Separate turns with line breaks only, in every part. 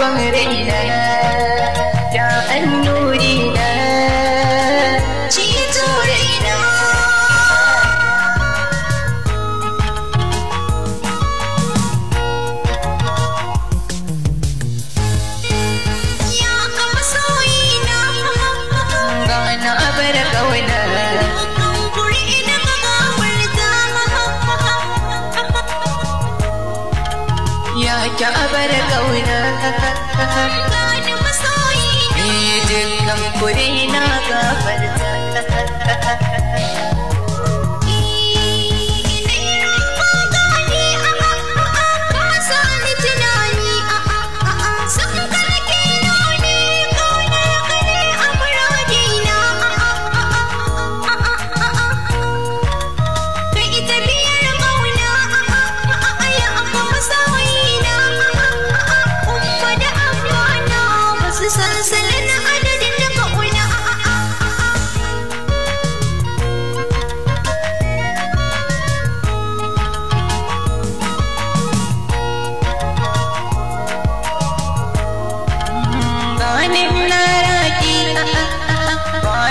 ruwan raina ya annu ki abar kauna Gani masoyi Ni dukkan kure na gafarta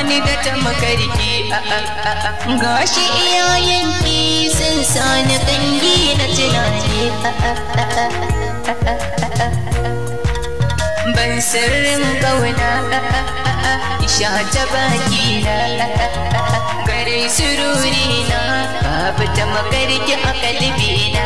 ni da ta makarki gashi iyayen ki sun sani kangi na tunani ban sirrin kauna isha ta baki na gare sururi na babu ta makarki a kalbi na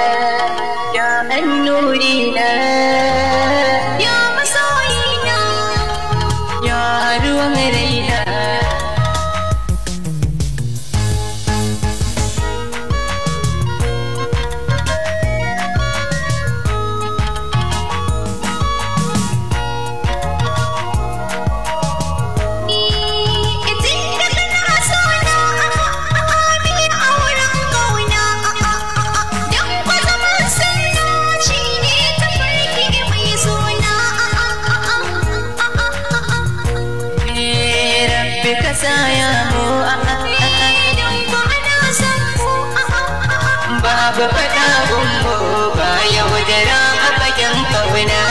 saya mua Ba bữa ta cùng mua Ba yêu để ra ba chẳng cầu na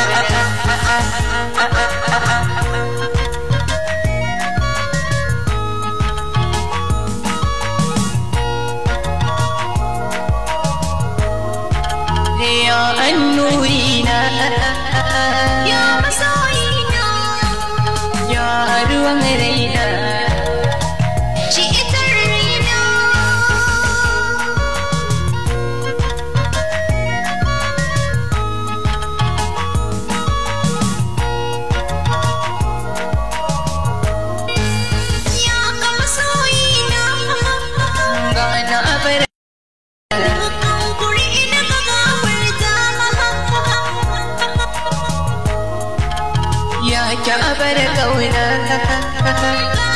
يا نورينا يا مسارينا يا روان رينا da abar kauna